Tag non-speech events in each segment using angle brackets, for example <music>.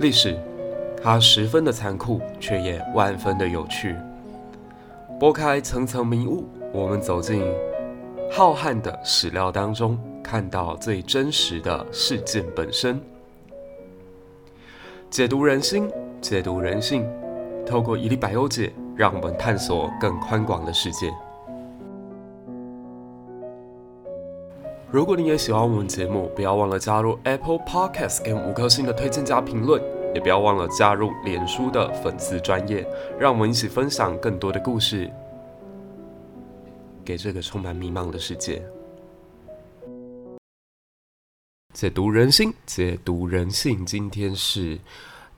歷史，它十分的殘酷，卻也萬分的有趣。撥開層層迷霧，我們走進浩瀚的史料當中，看到最真實的事件本身，解讀人心，解讀人性，透過一歷百憂解，讓我們探索更寬廣的世界。如果你也喜歡我們節目，不要忘了加入 Apple Podcasts 跟五顆星的推薦加評論，也不要忘了加入臉書的粉絲專頁，讓我們一起分享更多的故事，給這個充滿迷茫的世界。解讀人心，解讀人性。今天是《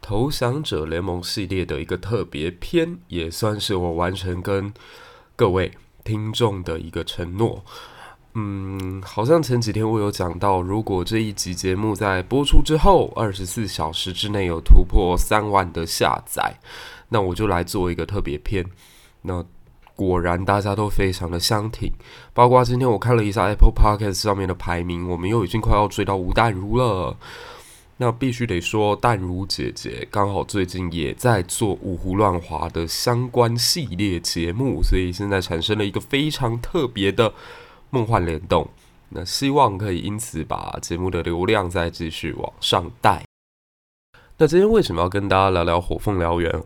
投降者聯盟》系列的一個特別篇，也算是我完成跟各位聽眾的一個承諾。嗯，好像前幾天我有講到，如果這一集節目在播出之後二十四小時之內有突破三萬的下載，那我就來做一個特別篇。那果然大家都非常的相挺，包括今天我看了一下 Apple Podcast 上面的排名，我們又已經快要追到吳淡如了。那必須得說，淡如姐姐剛好最近也在做《五胡亂華》的相關系列節目，所以現在產生了一個非常特別的。夢幻聯動，那希望可以因此把節目的流量再繼續往上帶。那今天為什麼要跟大家聊聊《火鳳燎原》？《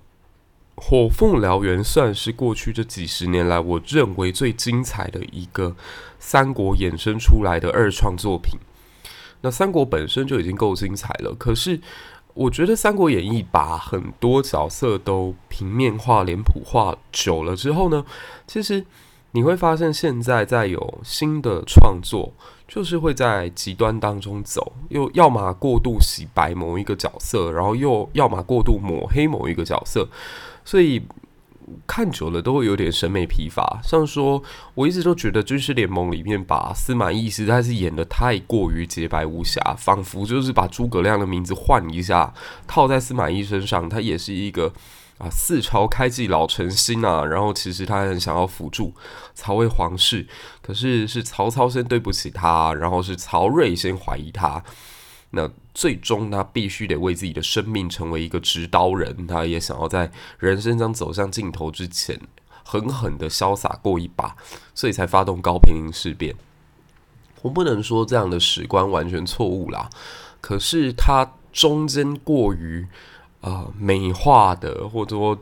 火鳳燎原》算是過去這幾十年來我認為最精彩的一個三國衍生出來的二創作品。那三國本身就已經夠精彩了，可是我覺得《三國演義》把很多角色都平面化、臉譜化久了之後呢，其實。你會發現，現在在有新的創作，就是會在極端當中走，又要麼過度洗白某一個角色，然後又要麼過度抹黑某一個角色，所以看久了都會有點審美疲乏。像說，我一直都覺得《軍師聯盟》裡面把司馬懿實在是演得太過於潔白無瑕，仿佛就是把諸葛亮的名字換一下，套在司馬懿身上，他也是一個。啊，四朝開濟老臣心啊！然後其實他很想要輔助曹魏皇室，可是是曹操先對不起他，然後是曹睿先懷疑他。那最終他必須得為自己的生命成為一個執刀人，他也想要在人生將走向盡頭之前狠狠的瀟灑過一把，所以才發動高平陵事變。我不能說這樣的史觀完全錯誤啦，可是他中間過於。啊、呃，美化的，或者說，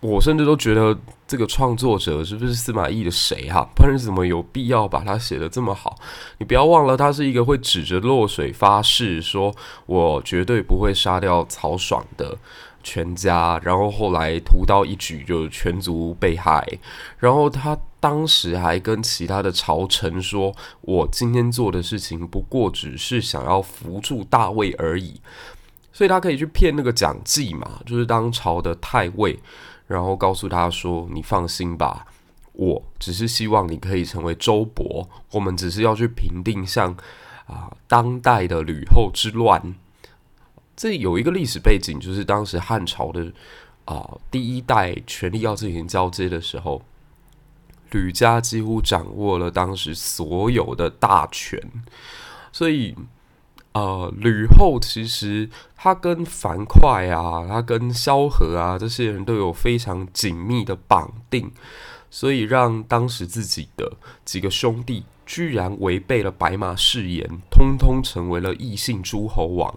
我甚至都覺得這個創作者是不是司馬懿的誰哈、啊？不然怎麼有必要把他寫得這麼好？你不要忘了，他是一個會指着洛水發誓，說我絕對不會殺掉曹爽的全家，然後後來屠刀一舉就全族被害，然後他當時還跟其他的朝臣說：“我今天做的事情不過只是想要扶助大魏而已。”所以他可以去騙那個蔣濟嘛，就是當朝的太尉，然後告訴他說：“你放心吧，我只是希望你可以成為周勃，我們只是要去平定像啊、呃、當代的呂後之亂。”這有一個歷史背景，就是當時漢朝的啊、呃、第一代權力要進行交接的時候，呂家幾乎掌握了當時所有的大權，所以。呃，呂後其實他跟樊噲啊，他跟蕭何啊，這些人都有非常緊密的綁定，所以讓當時自己的幾個兄弟居然違背了白馬誓言，通通成為了異姓諸侯王。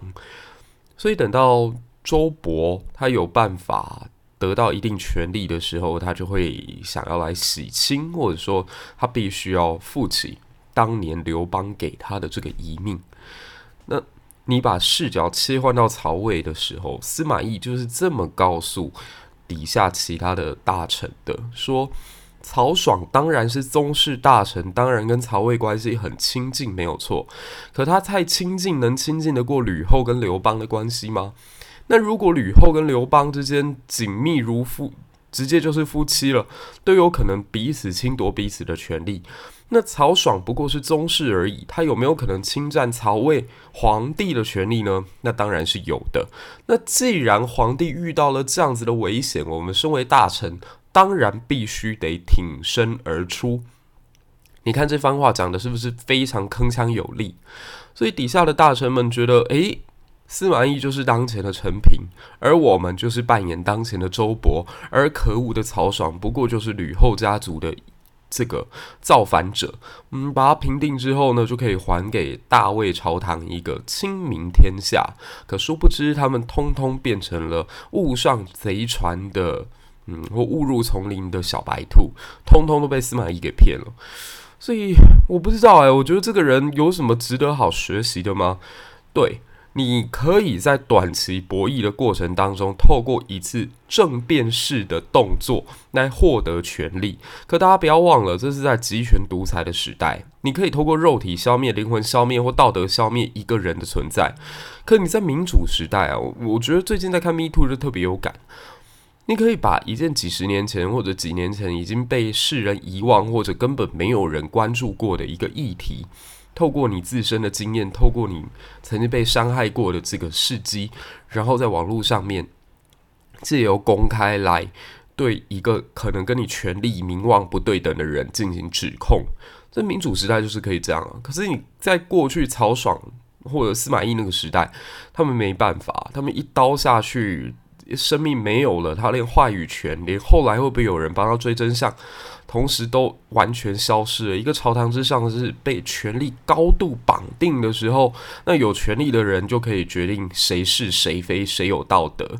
所以等到周勃他有辦法得到一定權力的時候，他就會想要來洗清，或者說他必須要負起當年劉邦給他的這個遺命。那你把視角切換到曹魏的時候，司馬懿就是這麼告訴底下其他的大臣的：說曹爽當然是宗室大臣，當然跟曹魏關係很親近，沒有錯。可他太親近，能親近得過呂後跟劉邦的關係嗎？那如果呂後跟劉邦之間緊密如夫，直接就是夫妻了，都有可能彼此侵奪彼此的權利。那曹爽不過是宗室而已，他有沒有可能侵占曹魏皇帝的權力呢？那當然是有的。那既然皇帝遇到了這樣子的危險，我們身為大臣，當然必須得挺身而出。你看這番話講的是不是非常鏗鏘有力？所以底下的大臣們覺得，哎，司馬懿就是當前的陳平，而我們就是扮演當前的周勃，而可惡的曹爽不過就是呂後家族的。這個造反者，嗯，把他平定之後呢，就可以還給大魏朝堂一個清明天下。可殊不知，他們通通變成了誤上賊船的，嗯，或誤入叢林的小白兔，通通都被司馬懿給騙了。所以我不知道、欸，哎，我覺得這個人有什麼值得好學習的嗎？對。你可以在短期博弈的過程當中，透過一次政變式的動作來獲得權力。可大家不要忘了，這是在極權獨裁的時代，你可以透過肉體消滅、靈魂消滅或道德消滅一個人的存在。可你在民主時代啊，我覺得最近在看《Me Too》就特別有感。你可以把一件幾十年前或者幾年前已經被世人遺忘，或者根本沒有人關注過的一個議題。透過你自身的經驗，透過你曾經被傷害過的這個事蹟，然後在網絡上面借由公開來對一個可能跟你權力、名望不對等的人進行指控，這民主時代就是可以這樣啊。可是你在過去曹爽或者司馬懿那個時代，他們沒辦法，他們一刀下去，生命沒有了，他連話語權，連後來會不會有人幫他追真相？同時都完全消失了。一個朝堂之上是被權力高度綁定的時候，那有權力的人就可以決定誰是誰非，誰有道德。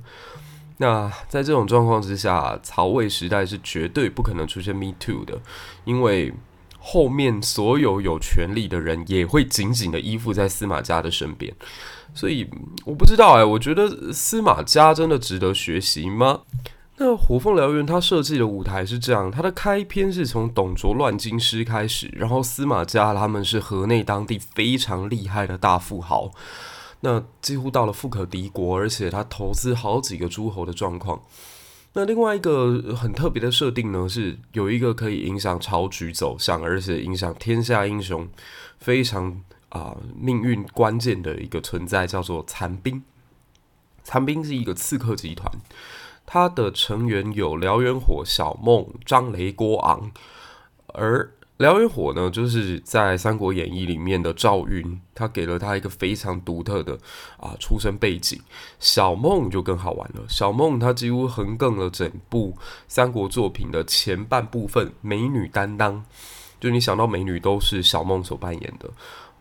那在這種狀況之下，曹魏時代是絕對不可能出現 Me Too 的，因為後面所有有權力的人也會緊緊的依附在司馬家的身邊。所以我不知道哎、欸，我覺得司馬家真的值得學習嗎？那《火鳳燎原》他設計的舞台是這樣，他的開篇是從董卓亂京師開始，然後司馬家他們是河內當地非常厲害的大富豪，那幾乎到了富可敵國，而且他投資好幾個諸侯的狀況。那另外一個很特別的設定呢，是有一個可以影響朝局走向，而且影響天下英雄非常啊、呃、命運關鍵的一個存在，叫做殘兵。殘兵是一個刺客集團。他的成員有燎原火、小孟、張雷、郭昂，而燎原火呢，就是在《三國演義》裡面的趙雲，他給了他一個非常獨特的啊出身背景。小孟就更好玩了，小孟他幾乎橫亙了整部三國作品的前半部分，美女擔當，就你想到美女都是小孟所扮演的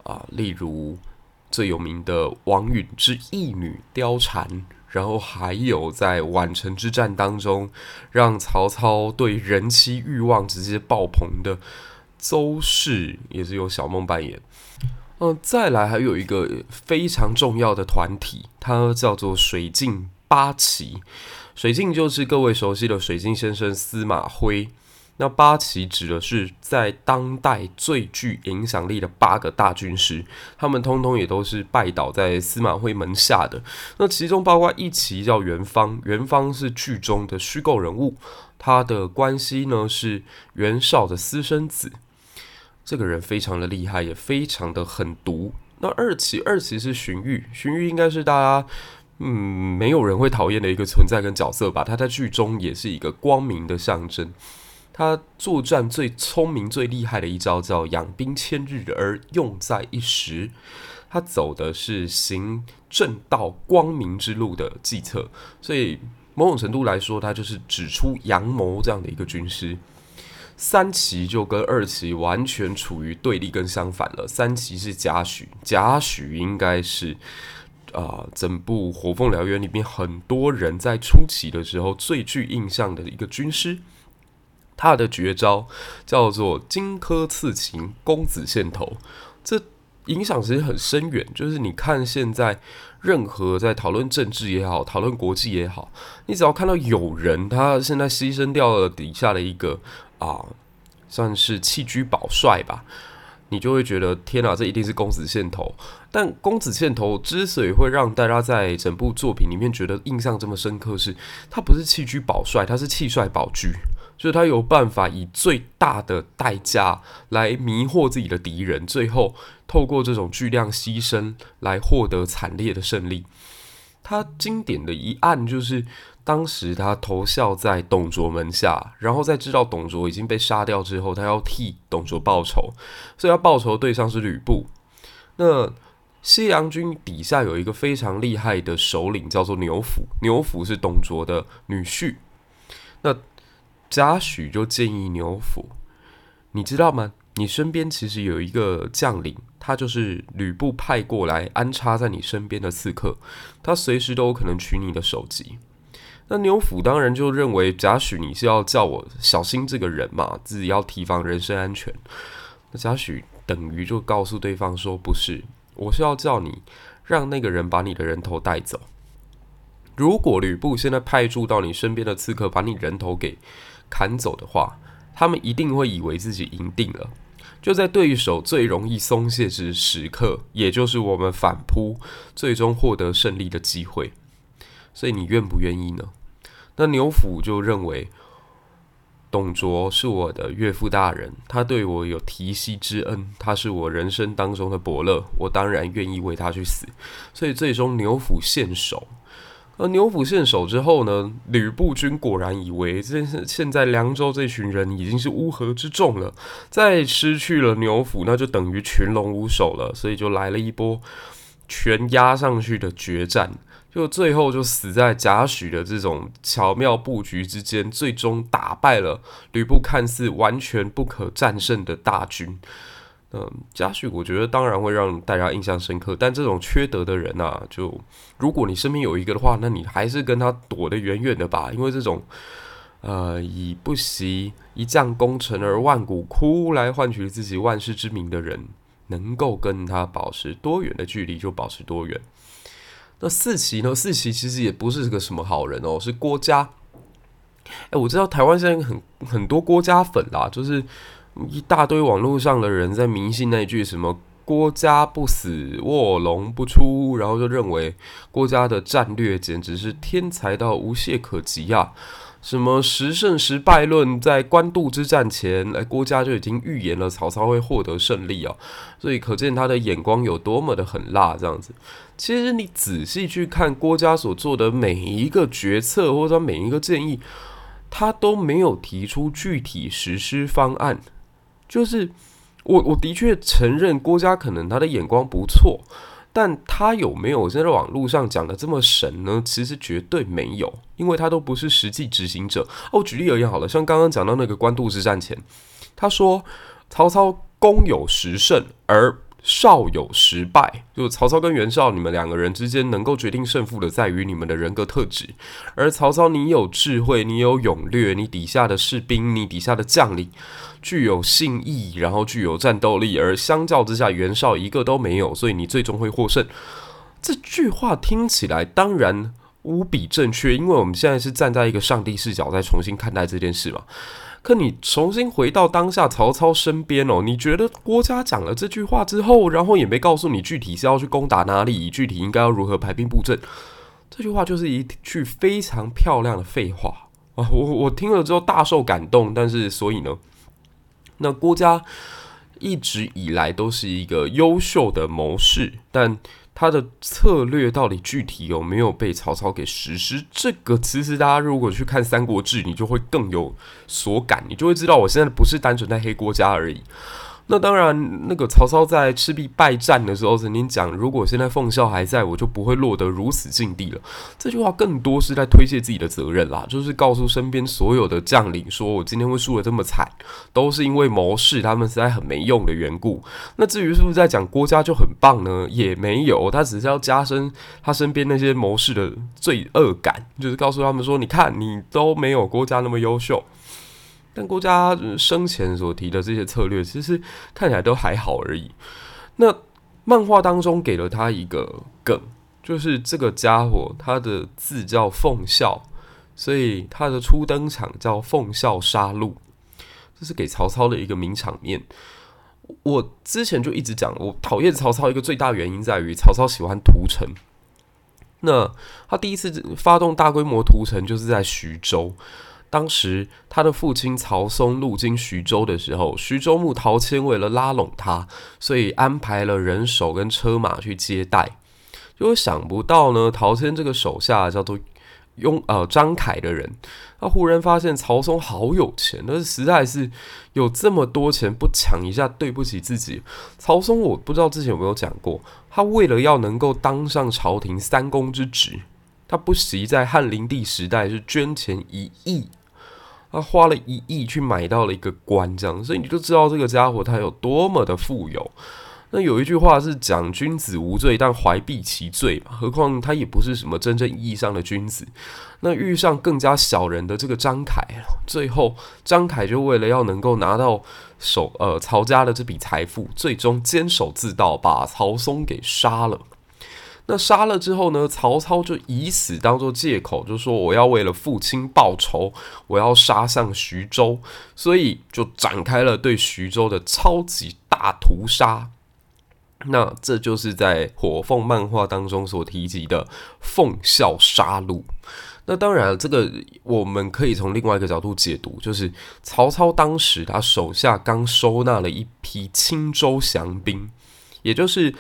啊，例如最有名的王允之義女貂蟬。然後還有在宛城之戰當中，讓曹操對人妻欲望直接爆棚的鄒氏，也是由小夢扮演。嗯、呃，再來還有一個非常重要的團體，它叫做水鏡八奇。水鏡就是各位熟悉的水鏡先生司馬徽。那八奇指的是在當代最具影響力的八個大軍師，他們通通也都是拜倒在司馬徽門下的。那其中包括一奇叫袁方，袁方是劇中的虛構人物，他的關係呢是袁紹的私生子。這個人非常的厲害，也非常的狠毒。那二奇，二奇是荀彧，荀彧應該是大家，嗯，沒有人會討厭的一個存在跟角色吧？他在劇中也是一個光明的象徵。他作戰最聰明、最厲害的一招叫“養兵千日，而用在一時”。他走的是行正道、光明之路的計策，所以某種程度來說，他就是指出陽謀這樣的一個軍師。三奇就跟二奇完全處於對立跟相反了。三奇是賈詡，賈詡應該是啊、呃，整部《火鳳燎原》裡面很多人在初期的時候最具印象的一個軍師。他的絕招叫做“荊軻刺秦，公子獻頭”，這影響其實很深遠。就是你看現在，任何在討論政治也好，討論國際也好，你只要看到有人他現在犧牲掉了底下的一個啊，算是棄車保帥吧，你就會覺得天哪、啊，這一定是公子獻頭。但公子獻頭之所以會讓大家在整部作品裡面覺得印象這麼深刻是，是他不是棄車保帥，他是棄帥保車。就是他有辦法以最大的代價來迷惑自己的敵人，最後透過這種巨量犧牲來獲得慘烈的勝利。他經典的一案就是，當時他投效在董卓門下，然後在知道董卓已經被殺掉之後，他要替董卓報仇，所以他報仇的對象是呂布。那西涼軍底下有一個非常厲害的首領，叫做牛輔。牛輔是董卓的女婿。那賈詡就建議牛輔，你知道嗎？你身邊其實有一個將領，他就是呂布派過來安插在你身邊的刺客，他隨時都有可能取你的首級。那牛輔當然就認為賈詡你是要叫我小心這個人嘛，自己要提防人身安全。那賈詡等於就告訴對方說：“不是，我是要叫你讓那個人把你的人頭帶走。如果呂布現在派駐到你身邊的刺客把你人頭給。”砍走的話，他們一定會以為自己贏定了。就在對手最容易鬆懈之時刻，也就是我們反撲、最終獲得勝利的機會。所以，你願不願意呢？那牛輔就認為，董卓是我的岳父大人，他對我有提攜之恩，他是我人生當中的伯樂，我當然願意為他去死。所以，最終牛輔獻首。而牛輔獻首之後呢，呂布軍果然以為這現在涼州這群人已經是烏合之眾了，再失去了牛輔，那就等於群龍無首了，所以就來了一波全壓上去的決戰，就最後就死在賈詡的這種巧妙布局之間，最終打敗了呂布看似完全不可戰勝的大軍。嗯，賈詡，我覺得當然會讓大家印象深刻。但這種缺德的人吶、啊，就如果你身邊有一個的話，那你還是跟他躲得遠遠的吧。因為這種，呃，以不惜一將功成而萬骨枯來換取自己萬世之名的人，能夠跟他保持多遠的距離就保持多遠。那四奇呢？四奇其實也不是個什麼好人哦，是郭嘉。誒，我知道台灣現在很很多郭嘉粉啦，就是。一大堆網絡上的人在迷信那一句什麼“郭嘉不死，臥龍不出”，然後就認為郭嘉的戰略簡直是天才到無懈可擊啊！什麼“十勝十敗論”在官渡之戰前，哎，郭嘉就已經預言了曹操會獲得勝利啊、哦！所以可見他的眼光有多麼的狠辣。這樣子，其實你仔細去看郭嘉所做的每一個決策或者說每一個建議，他都沒有提出具體實施方案。就是我，我的確承認郭嘉可能他的眼光不錯，但他有沒有在網絡上講的這麼神呢？其實絕對沒有，因為他都不是實際執行者哦。舉例而言好了，像剛剛講到那個官渡之戰前，他說曹操公有十勝而。少有失敗，就是曹操跟袁紹，你們兩個人之間能夠決定勝負的，在於你們的人格特質。而曹操，你有智慧，你有勇略，你底下的士兵，你底下的將領，具有信義，然後具有戰鬥力。而相較之下，袁紹一個都沒有，所以你最終會獲勝。這句話聽起來當然無比正確，因為我們現在是站在一個上帝視角，在重新看待這件事嘛。可你重新回到當下曹操身邊哦，你覺得郭嘉講了這句話之後，然後也沒告訴你具體是要去攻打哪裡，具體應該要如何排兵布陣，這句話就是一句非常漂亮的廢話啊！我我聽了之後大受感動，但是所以呢，那郭嘉一直以來都是一個優秀的謀士，但。他的策略到底具體有沒有被曹操給實施？這個其實大家如果去看《三國志》，你就會更有所感，你就會知道，我現在不是單純在黑郭嘉而已。那當然，那個曹操在赤壁敗戰的時候曾經講：“如果現在奉孝還在，我就不會落得如此境地了。”這句話更多是在推卸自己的責任啦，就是告訴身邊所有的將領說：“我今天會輸得這麼慘，都是因為謀士他們實在很沒用的緣故。”那至於是不是在講郭嘉就很棒呢？也沒有，他只是要加深他身邊那些謀士的罪惡感，就是告訴他們說：“你看，你都沒有郭嘉那麼優秀。”但郭嘉生前所提的這些策略，其實看起來都還好而已。那漫畫當中給了他一個梗，就是這個家伙他的字叫奉孝，所以他的初登場叫奉孝殺戮，這是給曹操的一個名場面。我之前就一直講，我討厭曹操一個最大原因在於曹操喜歡屠城。那他第一次發動大規模屠城就是在徐州。當時他的父親曹嵩路經徐州的時候，徐州牧陶謙為了拉攏他，所以安排了人手跟車馬去接待。就想不到呢，陶謙這個手下叫做雍呃張闓的人，他忽然發現曹嵩好有錢，但是實在是有這麼多錢不搶一下，對不起自己。曹嵩我不知道之前有沒有講過，他為了要能夠當上朝廷三公之職，他不惜在漢靈帝時代是捐錢一億。他花了一億去買到了一個官，這樣，所以你就知道這個家伙他有多麼的富有。那有一句話是講“君子無罪，但懷璧其罪”嘛，何況他也不是什麼真正意義上的君子。那遇上更加小人的這個張凱，最後張凱就為了要能夠拿到手，呃，曹家的這筆財富，最終監守自盜，把曹嵩給殺了。那殺了之後呢？曹操就以死當作借口，就說我要為了父親報仇，我要殺上徐州，所以就展開了對徐州的超級大屠殺。那這就是在火鳳漫畫當中所提及的奉孝殺戮。那當然，這個我們可以從另外一個角度解讀，就是曹操當時他手下剛收納了一批青州降兵，也就是。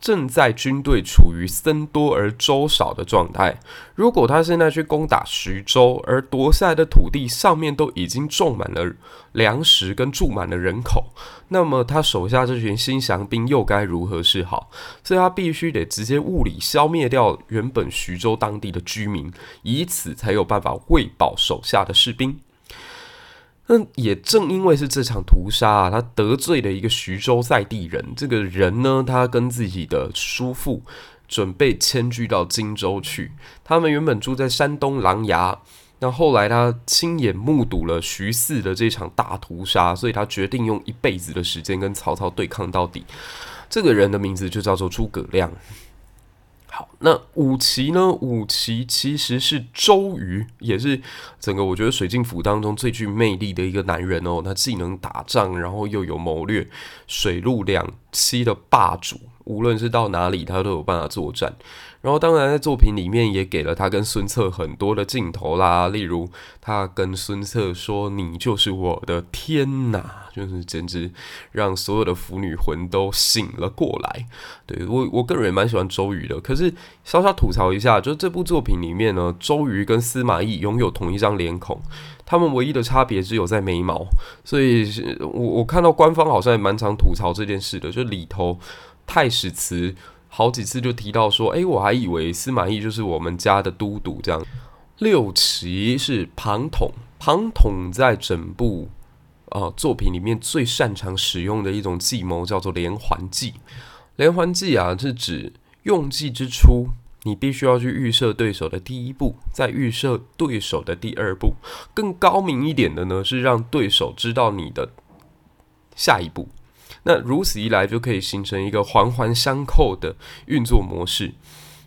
正在軍隊處於僧多而粥少的狀態。如果他現在去攻打徐州，而奪下來的土地上面都已經種滿了糧食跟住滿了人口，那麼他手下這群新降兵又該如何是好？所以他必須得直接物理消滅掉原本徐州當地的居民，以此才有辦法餵飽手下的士兵。那也正因為是這場屠殺啊，他得罪了一個徐州在地人。這個人呢，他跟自己的叔父準備遷居到荊州去。他們原本住在山東琅琊，那後來他親眼目睹了徐泗的這場大屠殺，所以他決定用一輩子的時間跟曹操對抗到底。這個人的名字就叫做諸葛亮。好，那五奇呢？五奇其實是周瑜，也是整個我覺得水鏡府當中最具魅力的一個男人哦。他既能打仗，然後又有謀略，水陸兩棲的霸主，無論是到哪裡，他都有辦法作戰。然後，當然，在作品裡面也給了他跟孫策很多的鏡頭啦。例如，他跟孫策說：“你就是我的天哪！”就是簡直讓所有的腐女魂都醒了過來。對，我我個人也蠻喜歡周瑜的。可是稍稍吐槽一下，就是這部作品裡面呢，周瑜跟司馬懿擁有同一張臉孔，他們唯一的差別只有在眉毛。所以，我我看到官方好像也蠻常吐槽這件事的。就裡頭，太史慈。好幾次就提到說，哎，我還以為司馬懿就是我們家的都督這樣。六奇是龐統，龐統在整部呃作品裡面最擅長使用的一種計謀叫做連環計。連環計啊，是指用計之初，你必須要去預設對手的第一步，再預設對手的第二步。更高明一點的呢，是讓對手知道你的下一步。那如此一來，就可以形成一個環環相扣的運作模式。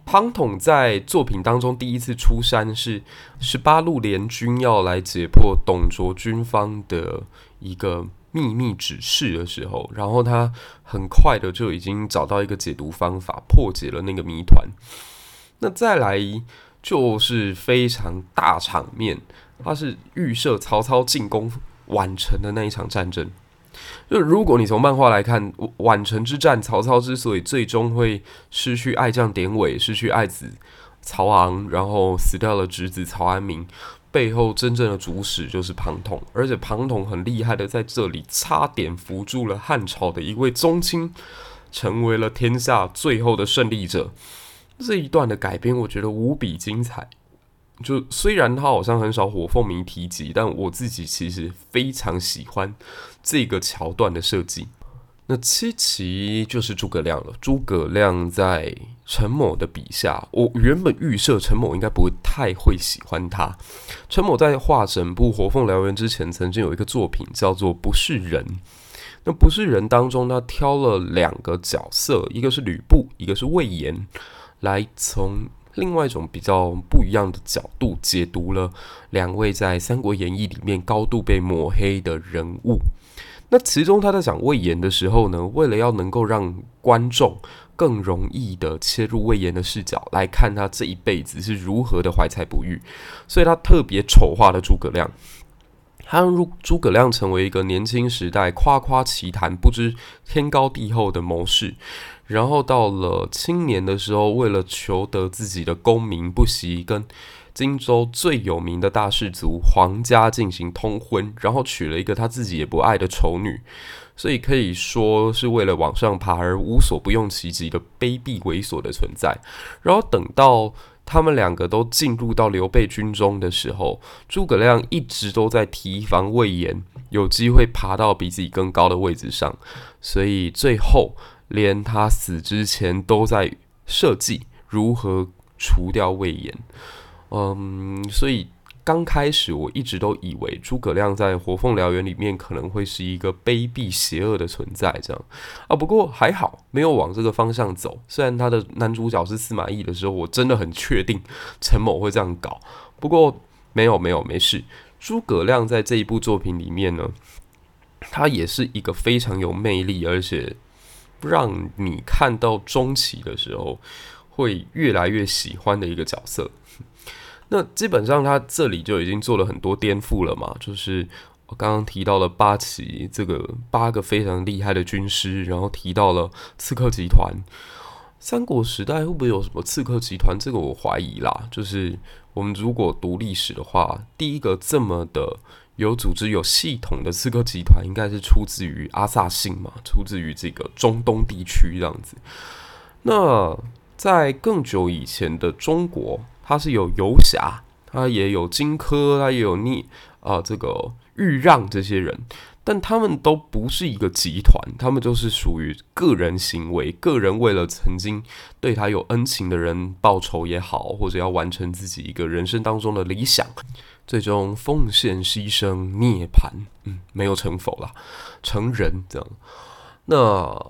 龐統在作品當中第一次出山，是十八路聯軍要來解破董卓軍方的一個秘密指示的時候，然後他很快的就已經找到一個解讀方法，破解了那個謎團。那再來就是非常大場面，他是預設曹操進攻宛城的那一場戰爭。就如果你從漫畫來看，宛城之戰，曹操之所以最終會失去愛將典韋，失去愛子曹昂，然後死掉了侄子曹安民，背後真正的主使就是龐統。而且龐統很厲害的，在這裡差點扶住了漢朝的一位宗親，成為了天下最後的勝利者。這一段的改編，我覺得無比精彩。就雖然他好像很少火鳳鳴提及，但我自己其實非常喜歡這個橋段的設計。那七奇就是諸葛亮了。諸葛亮在陳某的筆下，我原本預設陳某應該不太會喜歡他。陳某在畫整部《火鳳燎原》之前，曾經有一個作品叫做《不是人》。那《不是人》當中，他挑了兩個角色，一個是呂布，一個是魏延，來從。另外一種比較不一樣的角度解讀了兩位在《三國演義》裡面高度被抹黑的人物。那其中他在講魏延的時候呢，為了要能夠讓觀眾更容易的切入魏延的視角來看他這一輩子是如何的懷才不遇，所以他特別醜化了諸葛亮。他讓諸葛亮成為一個年輕時代誇誇其談、不知天高地厚的謀士。然後到了青年的時候，為了求得自己的功名，不惜跟荊州最有名的大氏族黃家進行通婚，然後娶了一個他自己也不愛的醜女，所以可以說是為了往上爬而無所不用其極的卑鄙猥瑣的存在。然後等到他們兩個都進入到劉備軍中的時候，諸葛亮一直都在提防魏延有機會爬到比自己更高的位置上，所以最後。連他死之前都在設計如何除掉魏延，嗯，所以剛開始我一直都以為諸葛亮在《火鳳燎原》裡面可能會是一個卑鄙邪惡的存在，這樣啊。不過還好沒有往這個方向走。雖然他的男主角是司馬懿的時候，我真的很確定陳某會這樣搞。不過沒有沒有沒事。諸葛亮在這一部作品裡面呢，他也是一個非常有魅力，而且。讓你看到中期的時候會越來越喜歡的一個角色。那基本上他這裡就已經做了很多顛覆了嘛，就是我剛剛提到了八奇這個八個非常厲害的軍師，然後提到了刺客集團。三國時代會不會有什麼刺客集團，這個我懷疑啦。就是我們如果讀歷史的話，第一個這麼的。有組織有系統的刺客集團應該是出自於阿薩辛嘛，出自於這個中東地區這樣子。那在更久以前的中國，它是有游俠，它也有荊軻，它也有聶啊、呃，這個豫讓這些人，但他們都不是一個集團，他們就是屬於個人行為，個人為了曾經對他有恩情的人報仇也好，或者要完成自己一個人生當中的理想。最終奉獻犧牲涅槃，嗯，沒有成佛啦，成仁這樣。那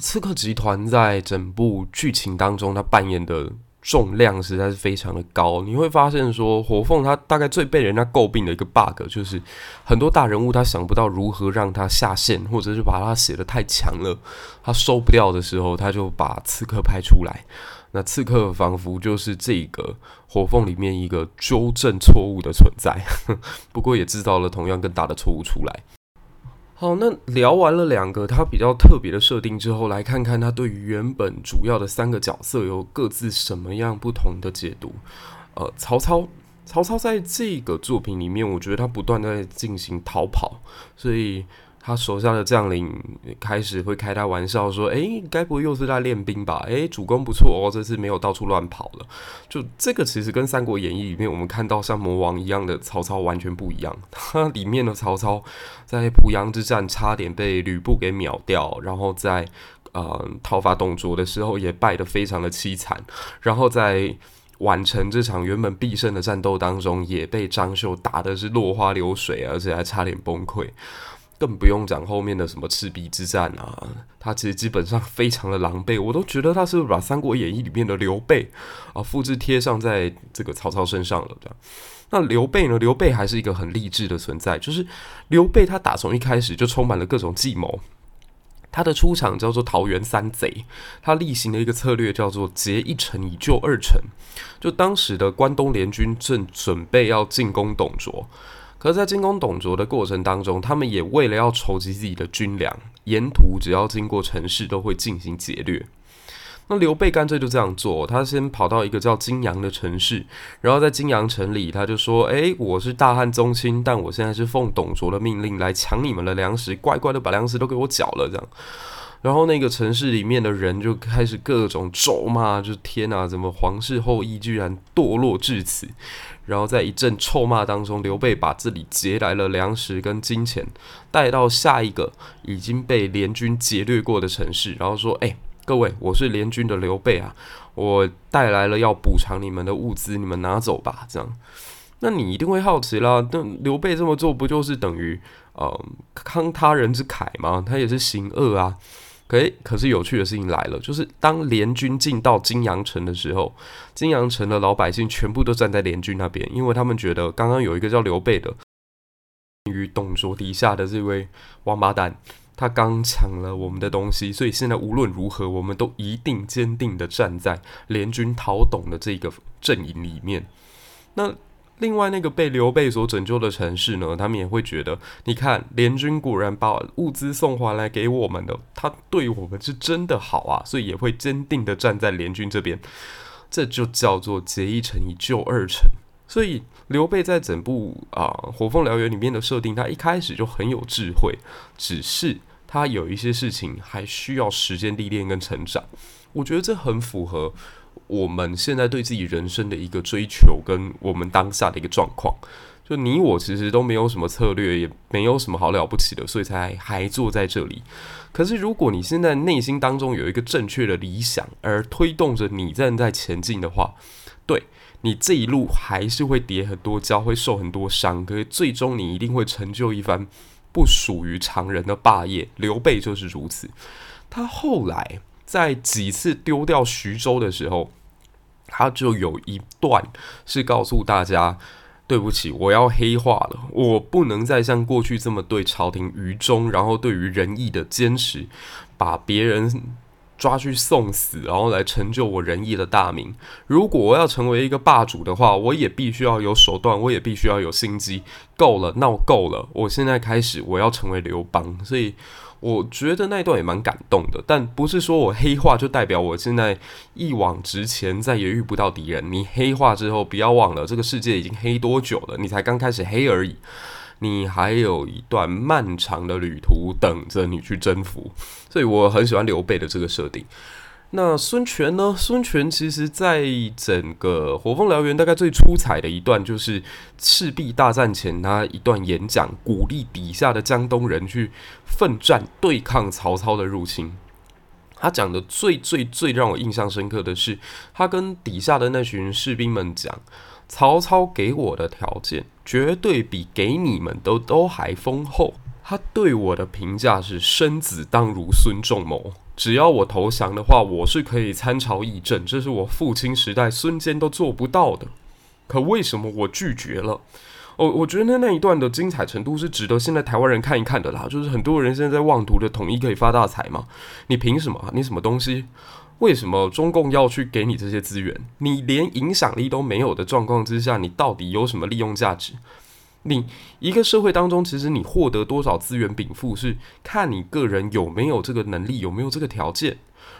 刺客集團在整部劇情當中，他扮演的重量實在是非常的高。你會發現，說火鳳他大概最被人家詬病的一個 bug，就是很多大人物他想不到如何讓他下線，或者是把他寫得太強了，他收不掉的時候，他就把刺客派出來。那刺客仿佛就是這個火鳳裡面一個糾正錯誤的存在，不過也製造了同樣更大的錯誤出來。好，那聊完了兩個他比較特別的設定之後，來看看他對於原本主要的三個角色有各自什麼樣不同的解讀。呃，曹操，曹操在這個作品裡面，我覺得他不斷在進行逃跑，所以，他手下的將領開始會開他玩笑說：“誒，該不會又是在練兵吧？誒，主公不錯哦，這次沒有到處亂跑了。”就這個其實跟《三國演義》裡面我們看到像魔王一樣的曹操完全不一樣。他裡面的曹操在濮陽之戰差點被呂布給秒掉，然後在呃討伐董卓的時候也敗得非常的淒慘，然後在宛城這場原本必勝的戰鬥當中也被張繡打的是落花流水，而且還差點崩潰。更不用講後面的什麼赤壁之戰啊，他其實基本上非常的狼狽，我都覺得他是把《三國演義》裡面的劉備啊複製貼上在這個曹操身上了這樣，那劉備呢？劉備還是一個很勵志的存在，就是劉備他打從一開始就充滿了各種計謀。他的出場叫做桃園三賊，他例行的一個策略叫做結一城以救二城。就當時的關東聯軍正準備要進攻董卓。而在進攻董卓的過程當中他們也為了要籌集自己的軍糧，沿途只要經過城市，都會進行劫掠。那劉備乾脆就這樣做，他先跑到一個叫金陽的城市，然後在金陽城裡，他就說：“誒、欸，我是大漢宗親，但我現在是奉董卓的命令來搶你們的糧食，乖乖的把糧食都給我繳了，這樣。”然後那個城市裡面的人就開始各種咒罵，就天啊，怎麼皇室後裔居然墮落至此？然後在一陣臭罵當中，劉備把這裡劫來了糧食跟金錢，帶到下一個已經被聯軍劫掠過的城市，然後說：“哎、欸，各位，我是聯軍的劉備啊，我帶來了要補償你們的物資，你們拿走吧。”這樣，那你一定會好奇啦，那劉備這麼做不就是等於呃慷他人之慨嗎？他也是行惡啊。可，可是有趣的事情來了，就是當聯軍進到金陽城的時候，金陽城的老百姓全部都站在聯軍那邊，因為他們覺得剛剛有一個叫劉備的，於董卓底下的這位王八蛋，他剛搶了我們的東西，所以現在無論如何，我們都一定堅定的站在聯軍討董的這個陣營裡面。那另外那個被劉備所拯救的城市呢，他們也會覺得，你看聯軍果然把物資送還來給我們的，他對我們是真的好啊，所以也會堅定地站在聯軍這邊。這就叫做結一城以救二城。所以劉備在整部啊、呃《火鳳燎原》裡面的設定，他一開始就很有智慧，只是他有一些事情還需要時間歷練跟成長。我覺得這很符合。我們現在對自己人生的一個追求，跟我們當下的一個狀況，就你我其實都沒有什麼策略，也沒有什麼好了不起的，所以才還坐在這裡。可是，如果你現在內心當中有一個正確的理想，而推動着你正在前進的話，對你這一路還是會跌很多跤，會受很多傷，可是最終你一定會成就一番不屬於常人的霸業。劉備就是如此，他後來。在幾次丟掉徐州的時候，他就有一段是告訴大家：“對不起，我要黑化了，我不能再像過去這麼對朝廷愚忠，然後對於仁義的堅持，把別人抓去送死，然後來成就我仁義的大名。如果我要成為一個霸主的話，我也必須要有手段，我也必須要有心機。夠了，鬧夠了，我現在開始，我要成為劉邦。”所以。我覺得那段也蠻感動的，但不是說我黑化就代表我現在一往直前，再也遇不到敵人。你黑化之後，不要忘了這個世界已經黑多久了，你才剛開始黑而已，你還有一段漫長的旅途等着你去征服。所以我很喜歡劉備的這個設定。那孫權呢？孫權其實在整個《火鳳燎原》大概最出彩的一段，就是赤壁大戰前他一段演講，鼓勵底下的江東人去奮戰對抗曹操的入侵。他講的最最最讓我印象深刻的是，他跟底下的那群士兵們講，曹操給我的條件絕對比給你們的都都還豐厚。他對我的評價是“生子當如孫仲謀”。只要我投降的話，我是可以參朝議政，這是我父親時代孫堅都做不到的。可為什麼我拒絕了？我、哦、我覺得那一段的精彩程度是值得現在台灣人看一看的啦。就是很多人現在在妄圖的統一可以發大財嘛？你憑什麼？你什麼東西？為什麼中共要去給你這些資源？你連影響力都沒有的狀況之下，你到底有什麼利用價值？你一個社會當中，其實你獲得多少資源稟賦，是看你個人有沒有這個能力，有沒有這個條件。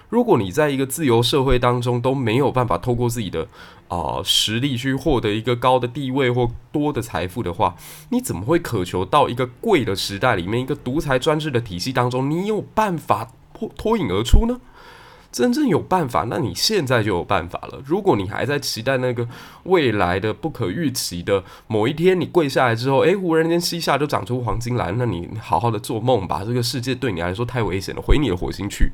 如果你在一個自由社會當中都沒有辦法透過自己的啊、呃、實力去獲得一個高的地位或多的財富的話，你怎麼會渴求到一個貴的時代裡面，一個獨裁專制的體系當中，你有辦法脫脫穎而出呢？真正有辦法，那你現在就有辦法了。如果你還在期待那個未來的不可預期的某一天，你跪下來之後，哎、欸，忽然間膝下就長出黃金來，那你好好的做夢吧。這個世界對你來說太危險了，回你的火星去。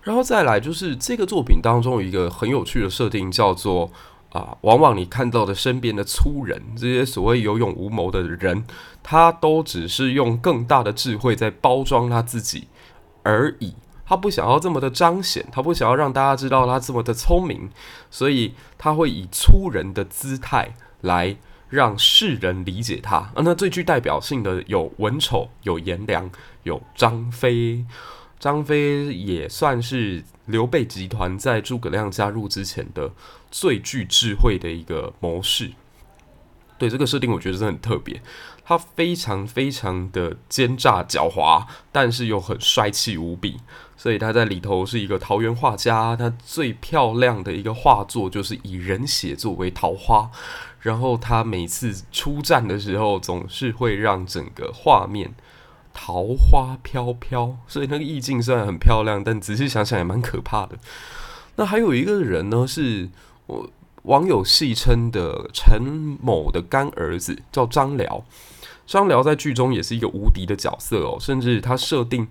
然後再來就是這個作品當中有一個很有趣的設定，叫做啊、呃，往往你看到的身邊的粗人，這些所謂有勇無謀的人，他都只是用更大的智慧在包裝他自己而已。他不想要這麼的彰顯，他不想要讓大家知道他這麼的聰明，所以他會以粗人的姿態來讓世人理解他。啊，那最具代表性的有文醜、有顏良、有張飛。張飛也算是劉備集團在諸葛亮加入之前的最具智慧的一個謀士。所以這個設定，我覺得真的很特別。他非常非常的奸詐狡猾，但是又很帥氣無比。所以他在裡頭是一個桃園畫家，他最漂亮的一個畫作就是以人血作為桃花。然後他每次出戰的時候，總是會讓整個畫面桃花飄飄。所以那個意境雖然很漂亮，但仔細想想也蠻可怕的。那還有一個人呢，是我。網友戲稱的陳某的乾兒子叫張遼，張遼在劇中也是一個無敵的角色哦。甚至他設定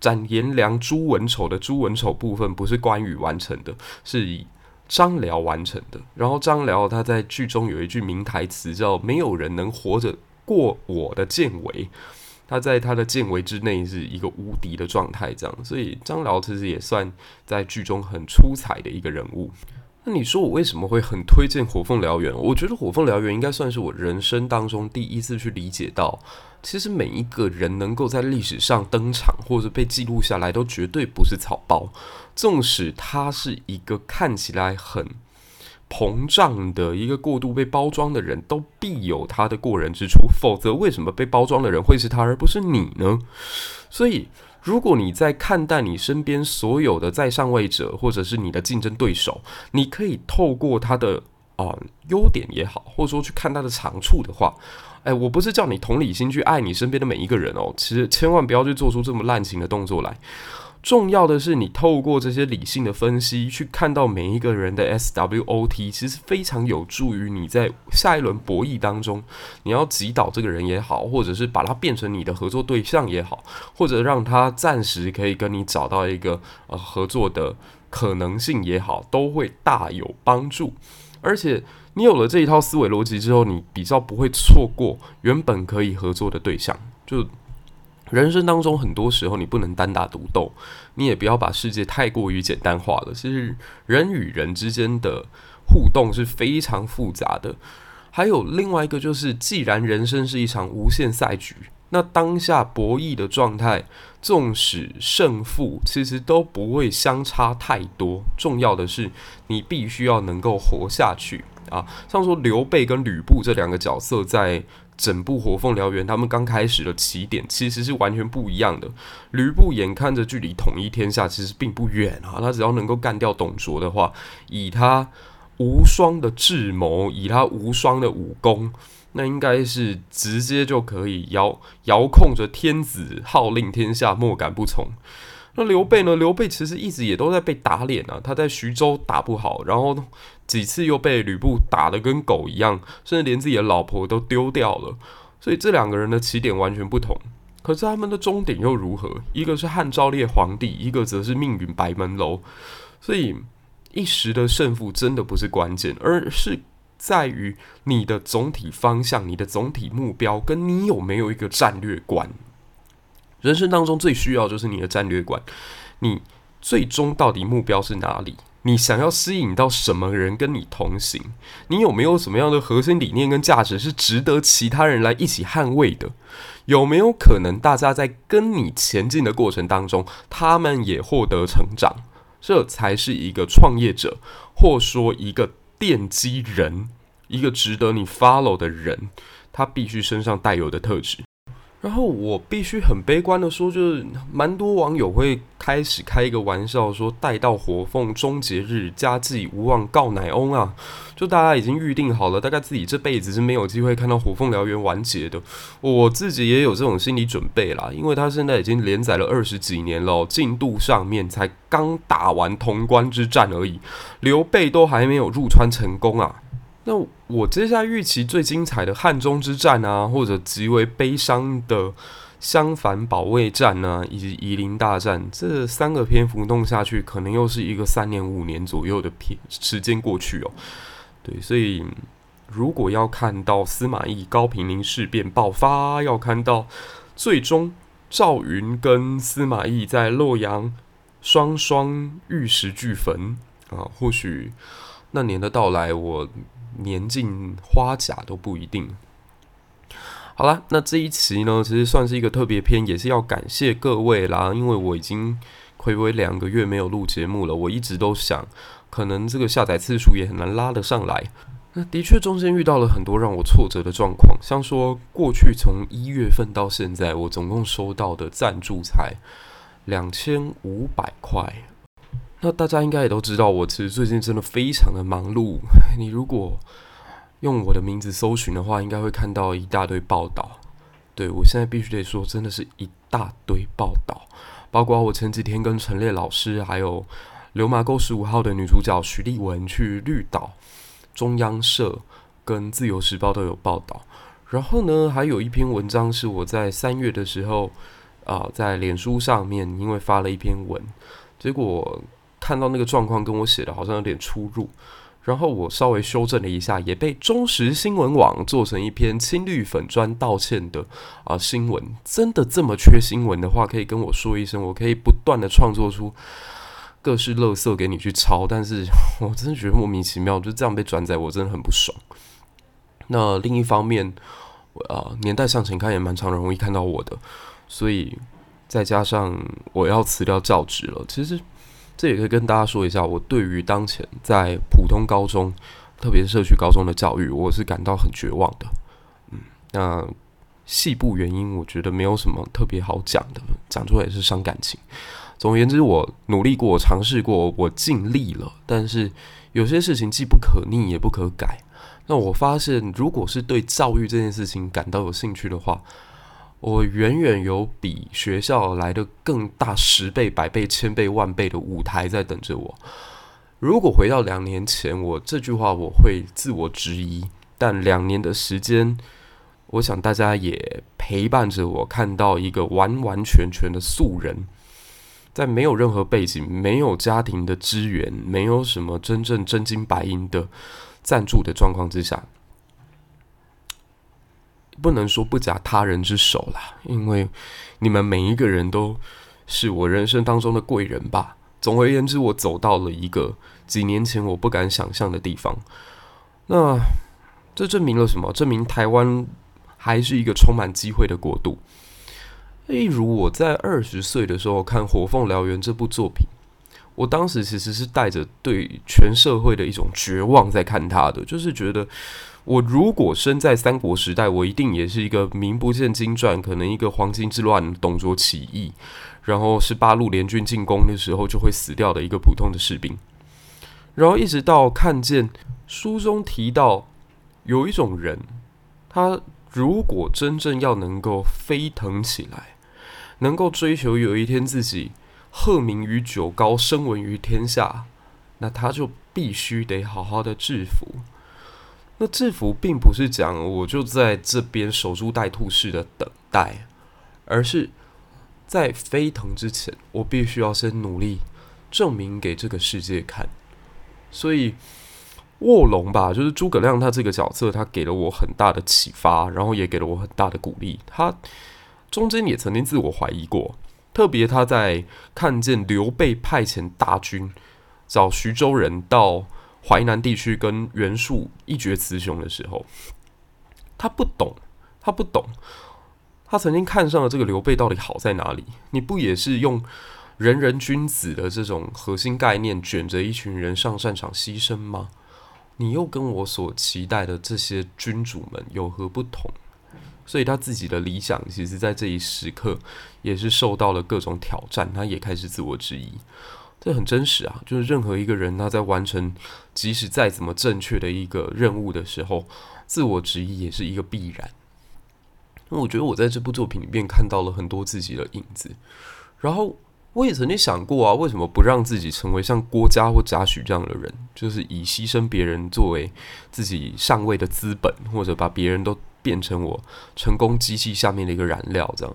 斬顏良、誅文醜的誅文醜部分不是關羽完成的，是以張遼完成的。然後張遼他在劇中有一句名台詞叫“沒有人能活着過我的劍圍”，他在他的劍圍之內是一個無敵的狀態，這樣。所以張遼其實也算在劇中很出彩的一個人物。那你說我為什麼會很推薦《火鳳燎原》？我覺得《火鳳燎原》應該算是我人生當中第一次去理解到，其實每一個人能夠在歷史上登場或者被記錄下來，都絕對不是草包。縱使他是一個看起來很膨脹的一個過度被包裝的人，都必有他的過人之處，否則為什麼被包裝的人會是他而不是你呢？所以。如果你在看待你身邊所有的在上位者，或者是你的競爭對手，你可以透過他的啊、呃、優點也好，或者說去看他的長處的話，哎，我不是叫你同理心去愛你身邊的每一個人哦，其實千萬不要去做出這麼濫情的動作來。重要的是，你透過這些理性的分析去看到每一個人的 SWOT，其實非常有助於你在下一輪博弈當中，你要擊倒這個人也好，或者是把他變成你的合作對象也好，或者讓他暫時可以跟你找到一個呃合作的可能性也好，都會大有幫助。而且，你有了這一套思維邏輯之後，你比較不會錯過原本可以合作的對象，就。人生當中，很多時候你不能單打獨鬥，你也不要把世界太過於簡單化了。其實人與人之間的互動是非常複雜的。還有另外一個就是，既然人生是一場無限賽局，那當下博弈的狀態，縱使勝負其實都不會相差太多。重要的是，你必須要能夠活下去啊！像說劉備跟呂布這兩個角色在。整部《火鳳燎原》，他們剛開始的起點其實是完全不一樣的。呂布眼看着距離統一天下其實並不遠啊，他只要能夠幹掉董卓的話，以他無雙的智謀，以他無雙的武功，那應該是直接就可以遙遙控着天子，號令天下，莫敢不從。那劉備呢？劉備其實一直也都在被打臉啊。他在徐州打不好，然後幾次又被呂布打得跟狗一樣，甚至連自己的老婆都丟掉了。所以這兩個人的起點完全不同，可是他們的終點又如何？一個是漢昭烈皇帝，一個則是命運白門樓。所以一時的勝負真的不是關鍵，而是在於你的總體方向、你的總體目標，跟你有沒有一個戰略觀。人生當中最需要就是你的戰略觀，你最終到底目標是哪裡？你想要吸引到什麼人跟你同行？你有沒有什麼樣的核心理念跟價值是值得其他人來一起捍衛的？有沒有可能大家在跟你前進的過程當中，他們也獲得成長？這才是一個創業者，或說一個奠基人，一個值得你 follow 的人，他必須身上帶有的特質。然後我必須很悲觀的說，就是蠻多網友會開始開一個玩笑，說待到火鳳終結日，家祭無忘告乃翁啊！就大家已經預定好了，大概自己這輩子是沒有機會看到《火鳳燎原》完結的。我自己也有這種心理準備啦，因為他現在已經連載了二十幾年了哦，進度上面才剛打完潼關之戰而已，劉備都還沒有入川成功啊！那我接下來預期最精彩的漢中之戰啊，或者極為悲傷的襄樊保衛戰呢、啊，以及夷陵大戰這三個篇幅弄下去，可能又是一個三年五年左右的篇時間過去哦、喔。對，所以如果要看到司馬懿高平陵事變爆發，要看到最終趙雲跟司馬懿在洛陽雙雙玉石俱焚啊，或許那年的到來我。年近花甲都不一定。好啦，那這一期呢，其實算是一個特別篇，也是要感謝各位啦，因為我已經暌違兩個月沒有錄節目了，我一直都想，可能這個下載次數也很難拉得上來。那的確，中間遇到了很多讓我挫折的狀況，像說過去從一月份到現在，我總共收到的贊助才兩千五百塊。那大家應該也都知道，我其實最近真的非常的忙碌。你如果用我的名字搜尋的話，應該會看到一大堆報道。對，我現在必須得說，真的是一大堆報道，包括我前幾天跟陳列老師，還有《流麻溝十五號》的女主角徐麗雯去綠島，中央社跟自由時報都有報道。然後呢，還有一篇文章是我在三月的時候啊、呃，在臉書上面因為發了一篇文，結果，看到那個狀況跟我寫的好像有點出入，然後我稍微修正了一下，也被中時新聞網做成一篇青綠粉專道歉的啊、呃、新聞。真的這麼缺新聞的話，可以跟我說一聲，我可以不斷的創作出各式垃圾給你去抄。但是我真的覺得莫名其妙，就這樣被轉載，我真的很不爽。那另一方面，啊、呃，年代向錢看也蠻常容易看到我的，所以再加上我要辭掉教職了，其實。這也可以跟大家說一下，我對於當前在普通高中，特別是社區高中的教育，我是感到很絕望的。嗯，那細部原因，我覺得沒有什麼特別好講的，講出來也是傷感情。總而言之，我努力過，嘗試過，我盡力了，但是有些事情既不可逆也不可改。那我發現，如果是對教育這件事情感到有興趣的話，我遠遠有比學校來得更大十倍、百倍、千倍、萬倍的舞台在等着我。如果回到兩年前，我這句話我會自我質疑。但兩年的時間，我想大家也陪伴着我，看到一個完完全全的素人，在沒有任何背景、沒有家庭的資源、沒有什麼真正真金白銀的贊助的狀況之下。不能說不假他人之手啦，因為你們每一個人都是我人生當中的貴人吧。總而言之，我走到了一個幾年前我不敢想象的地方。那這證明了什麼？證明台灣還是一個充滿機會的國度。例如，我在二十歲的時候看《火鳳燎原》這部作品，我當時其實是帶着對全社會的一種絕望在看它的，就是覺得。我如果生在三國時代，我一定也是一個名不見經傳，可能一個黃巾之亂、董卓起義，然後是八路聯軍進攻的時候就會死掉的一個普通的士兵。然後一直到看見書中提到有一種人，他如果真正要能夠飛騰起來，能夠追求有一天自己鶴鳴於九皋，聲聞於天下，那他就必須得好好的制服。那制服並不是講我就在這邊守株待兔式的等待，而是在飛騰之前，我必須要先努力證明給這個世界看。所以臥龍吧，就是諸葛亮他這個角色，他給了我很大的啟發，然後也給了我很大的鼓勵。他中間也曾經自我懷疑過，特別他在看見劉備派遣大軍找徐州人到淮南地區跟袁術一決雌雄的時候，他不懂，他不懂。他曾經看上了這個劉備，到底好在哪裡？你不也是用“仁人君子”的這種核心概念，捲着一群人上戰場犧牲嗎？你又跟我所期待的這些君主們有何不同？所以，他自己的理想，其實，在這一時刻，也是受到了各種挑戰，他也開始自我質疑。這很真實啊，就是任何一個人，他在完成即使再怎麼正確的一個任務的時候，自我質疑也是一個必然。因為我覺得我在這部作品裡面看到了很多自己的影子，然後我也曾經想過啊，為什麼不讓自己成為像郭嘉或賈詡這樣的人，就是以犧牲別人作為自己上位的資本，或者把別人都變成我成功機器下面的一個燃料，這樣？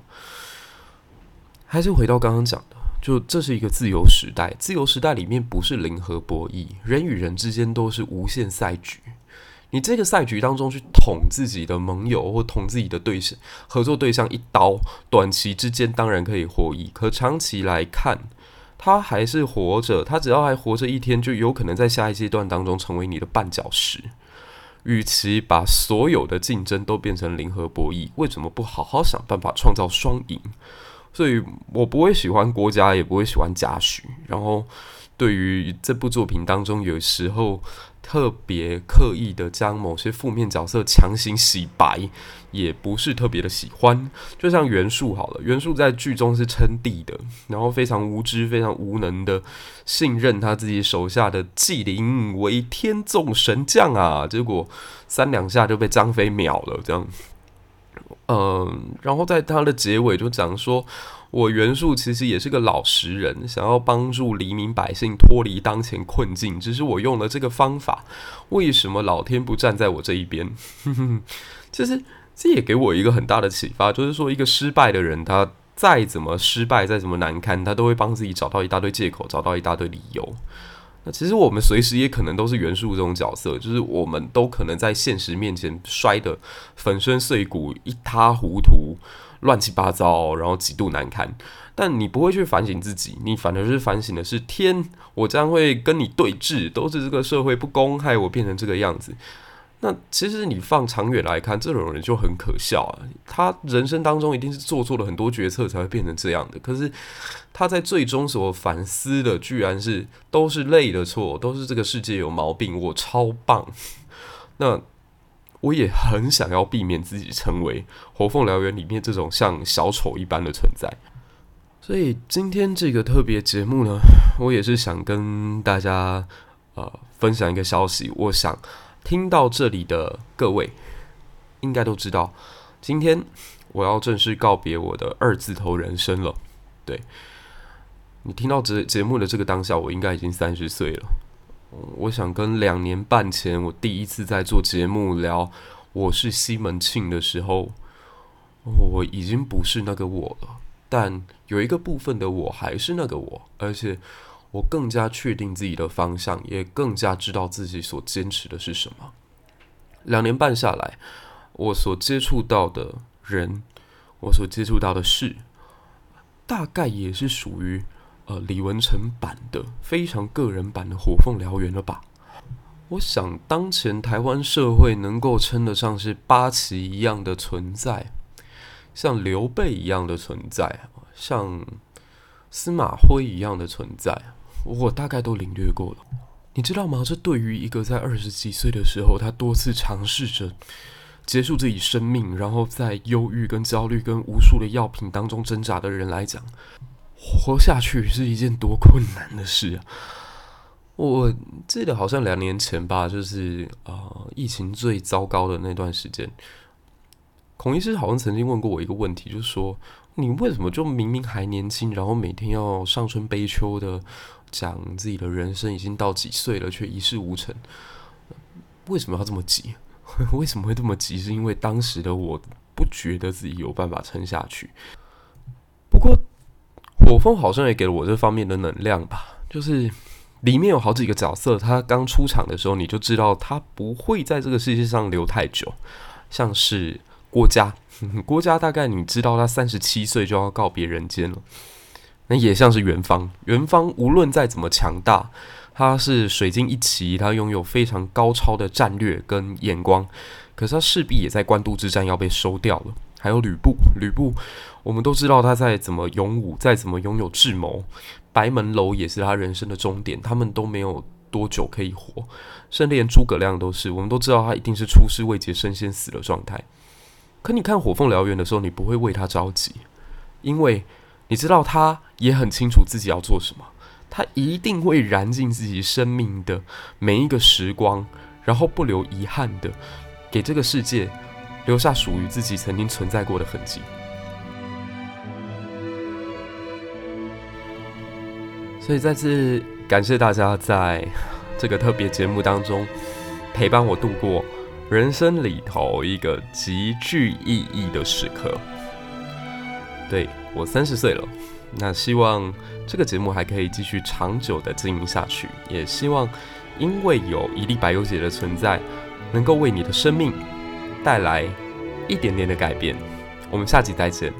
還是回到剛剛講的。就這是一個自由時代，自由時代裡面不是零和博弈，人與人之間都是無限賽局。你這個賽局當中去捅自己的盟友或捅自己的對手，合作對象一刀，短期之間當然可以獲益，可長期來看，他還是活着。他只要還活着一天，就有可能在下一階段當中成為你的絆腳石。與其把所有的競爭都變成零和博弈，為什麼不好好想辦法創造雙贏？所以我不會喜歡郭嘉，也不會喜歡賈詡。然後對於這部作品當中，有時候特別刻意的將某些負面角色強行洗白，也不是特別的喜歡。就像袁術好了，袁術在劇中是稱帝的，然後非常無知、非常無能的，信任他自己手下的紀靈為天縱神將啊，結果三兩下就被張飛秒了，這樣。嗯，然後在他的結尾就講說，我袁術其實也是個老實人，想要幫助黎民百姓脫離當前困境，只是我用了這個方法，為什麼老天不站在我這一邊？其 <laughs> 實、就是、這也給我一個很大的啟發，就是說一個失敗的人，他再怎麼失敗，再怎麼難堪，他都會幫自己找到一大堆借口，找到一大堆理由。那其實我們隨時也可能都是元素這種角色，就是我們都可能在現實面前摔得粉身碎骨、一塌糊塗、亂七八糟，然後極度難堪。但你不會去反省自己，你反而是反省的是天，我將會跟你對峙，都是這個社會不公害我變成這個樣子。那其實你放長遠來看，這種人就很可笑啊！他人生當中一定是做錯了很多決策，才會變成這樣的。可是他在最終所反思的，居然是都是累的錯，都是這個世界有毛病。我超棒， <laughs> 那我也很想要避免自己成為《火鳳燎原》裡面這種像小丑一般的存在。所以今天這個特別節目呢，我也是想跟大家呃分享一個消息，我想。聽到這裡的各位，應該都知道，今天我要正式告別我的二字頭人生了。對，你聽到這節目的這個當下，我應該已經三十歲了。我想跟兩年半前我第一次在做節目聊我是西門慶的時候，我已經不是那個我了。但有一個部分的我還是那個我，而且。我更加確定自己的方向，也更加知道自己所堅持的是什麼。兩年半下來，我所接觸到的人，我所接觸到的事，大概也是屬於呃李文成版的、非常個人版的《火鳳燎原》了吧？我想，當前台灣社會能夠稱得上是八奇一樣的存在，像劉備一樣的存在，像司馬徽一樣的存在。我大概都領略過了，你知道嗎？這對於一個在二十幾歲的時候，他多次嘗試着結束自己生命，然後在憂鬱、跟焦慮、跟無數的藥品當中掙扎的人來講，活下去是一件多困難的事啊！我記得好像兩年前吧，就是啊、呃，疫情最糟糕的那段時間，孔醫師好像曾經問過我一個問題，就是說，你為什麼就明明還年輕，然後每天要傷春悲秋地講自己的人生已經到幾歲了，卻一事無成？為什麼要這麼急？為什麼會這麼急？是因為當時的我不覺得自己有辦法撐下去。不過火鳳好像也給了我這方面的能量吧，就是裡面有好幾個角色，他剛出場的時候你就知道他不會在這個世界上留太久，像是。郭嘉，郭嘉大概你知道，他三十七歲就要告別人間了。那也像是元方，元方無論再怎麼強大，他是水鏡一奇，他擁有非常高超的戰略跟眼光，可是他勢必也在官渡之戰要被收掉了。還有呂布，呂布，我們都知道他再怎麼勇武，再怎麼擁有智謀，白門樓也是他人生的終點。他們都沒有多久可以活，甚至連諸葛亮都是，我們都知道他一定是出師未捷身先死的狀態。可你看《火鳳燎原》的時候，你不會為他着急，因為你知道他也很清楚自己要做什麼，他一定會燃盡自己生命的每一個時光，然後不留遺憾的給這個世界留下屬於自己曾經存在過的痕跡。所以再次感謝大家在這個特別節目當中陪伴我度過人生裡頭一個極具意義的時刻。對，對我三十歲了，那希望這個節目還可以繼續長久的經營下去，也希望因為有一歷百憂解的存在，能夠為你的生命帶來一點點的改變。我們下集再見。